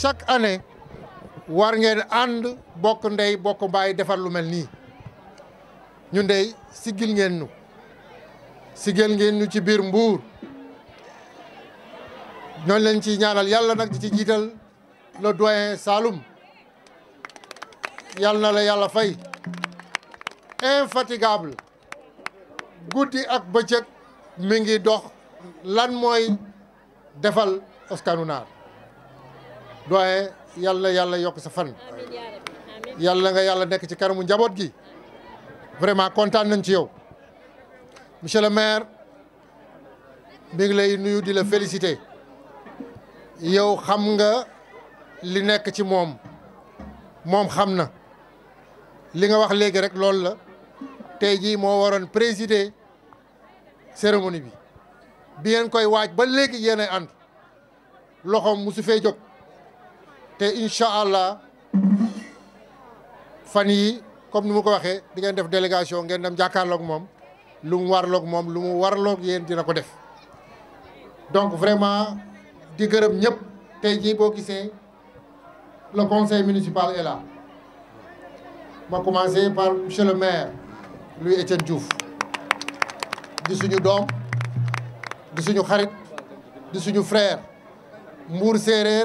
chaque année warngeen ànd bokk ndey bokk mbaay defar lu mel nii ñu ndey siggil ngeen nu siggil ngeen nu ci biir mbuur ñooñu leen ci ñaanal yàlla nag di ci jiital le doyen Saloum yàlla na la yàlla fay infatigable guddi ak bëccëg mi ngi dox lan mooy defal askanu naar doyen yàlla yàlla yokk sa fan yàlla nga yàlla nekk ci kanamu njaboot gi vraiment kontaan nañ ci yow monsieur le maire mi ngi lay nuyu di la féliciter yow xam nga li nekk ci moom moom xam na li nga wax léegi rek loolu la tey jii moo waroon présider cérémonie bi bi ngeen koy waaj ba léegi yéen ay ànd loxoom musu fee jóg te inshallah allah fan yi comme ni ko waxé di ngeen def délégation ngeen dem ak mom lu mu ak mom lu mu ak yéen dina ko def donc vraiment di gërëm ñëpp tey ji bo gisé le conseil municipal est là ma commencé par monsieur le maire Louis Étienne Diouf di suñu dom di suñu xarit di suñu frère Mbour séeréer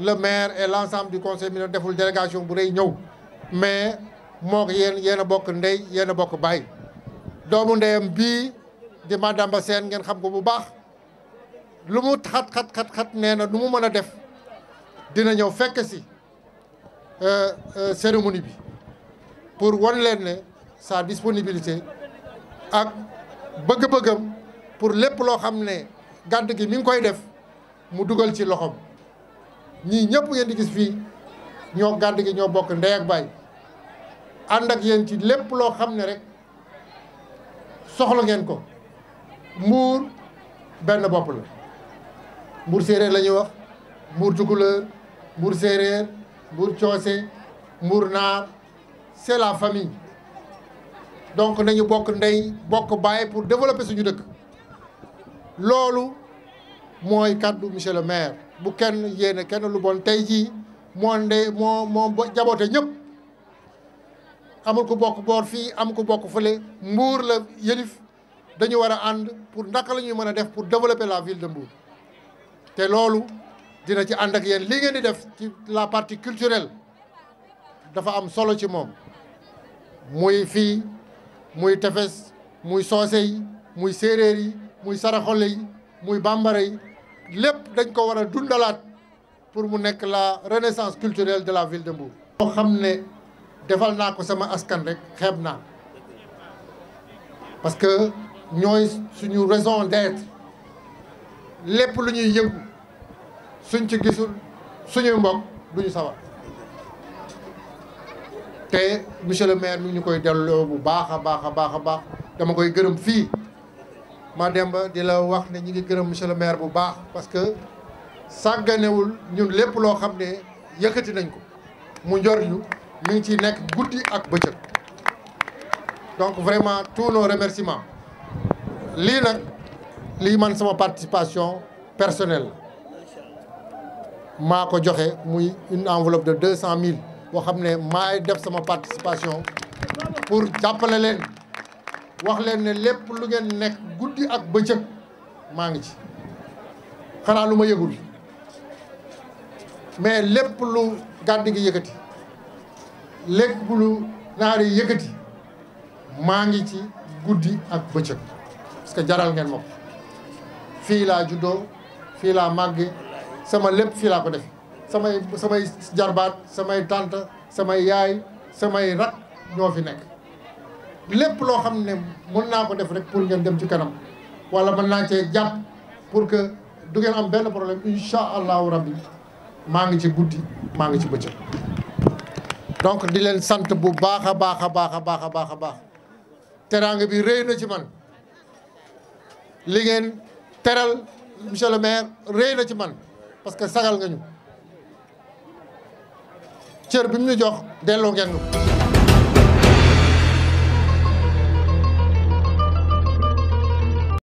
le maire et l'ensemble du conseil mi deful délégation bu rëy ñëw mais moo ko yéen yéen a bokk ndey yéen a bokk baay doomu ndeyam bii di Madamba Sène ngeen xam ko bu baax lu mu xat xat xat xat nee na lu mu mën a def dina ñëw fekk si euh, euh, cérémonie bi pour wan leen ne sa disponibilité ak bëgg-bëggam pour lépp loo xam ne gàdd gi mi ngi koy def mu dugal ci loxoom. ñii ñëpp ngeen di gis fii ñoo gàdd gi ñoo bokk ndey ak baay ànd ak yéen ci lépp loo xam ne rek soxla ngeen ko mbuur benn bopp la mbuur séeréer la ñuy wax mbuur tukulóor mbuur séeréer mbuur coose mbuur naar c'est la famille donc nañu bokk ndey bokk baay pour développer suñu dëkk loolu mooy kàddu monsieur le maire bu kenn yéene kenn lu bon tey jii moo ndey moo moo jaboote ñëpp amul ku bokk boor fii am ku bokk fële mbuur la yëlif dañu war a ànd pour naka la ñuy mën a def pour développer la ville de Mbour te loolu dina ci ànd ak yéen li ngeen di def ci la partie culturelle dafa am solo ci moom muy fii muy tefes muy soose yi muy séeréer yi muy saraxole yi muy bambara yi lépp dañ ko war a dundalaat pour mu nekk la renaissance culturelle de la ville de Mbour. boo xam ne defal naa ko sama askan rek xeeb naa parce que ñooy suñu raison d'être lépp lu ñuy yëngu suñ ci gisul suñuy mbokk duñu sawar te monsieur le maire mi ngi ñu koy delloo bu baax a baax a baax a baax dama koy gërëm fii. Mademba di la wax ne ñi ngi gërëm monsieur le maire bu baax parce que sàgganewul ñun lepp lo xamné ne nañ ko mu njor ñu mi ngi ci nek guddi ak bëccëg donc vraiment tous nos remerciements li nak li man sama participation personnelle mako joxé muy une enveloppe de 200000 cent xamné boo maay def sama participation pour jappalé leen wax leen ne lépp lu ngeen nekk guddi ak bëccëg maa ngi ci xanaa lu ma yëgul mais lépp lu gàddi gi yëkkati lépp lu naari yëkkati maa ngi ci guddi ak bëccëg parce que jaral ngeen ma fii laa juddoo fii laa màgge sama lépp fii laa ko def samay samay jarbaat samay tànt samay yaay samay rak ñoo fi nekk lépp loo xam ne mën naa ko def rek pour ngeen dem ci kanam wala mën naa cee jàpp pour que du ngeen am benn problème incha allahu rabbi maa ngi ci guddi maa ngi ci bëccëg donc di leen sant bu baax a baax a baax a baax a baax a baax teraanga bi rëy na ci man li ngeen teral monsieur le maire rëy na ci man parce que sagal nga ñu cër bi mu ñu jox delloo ngeen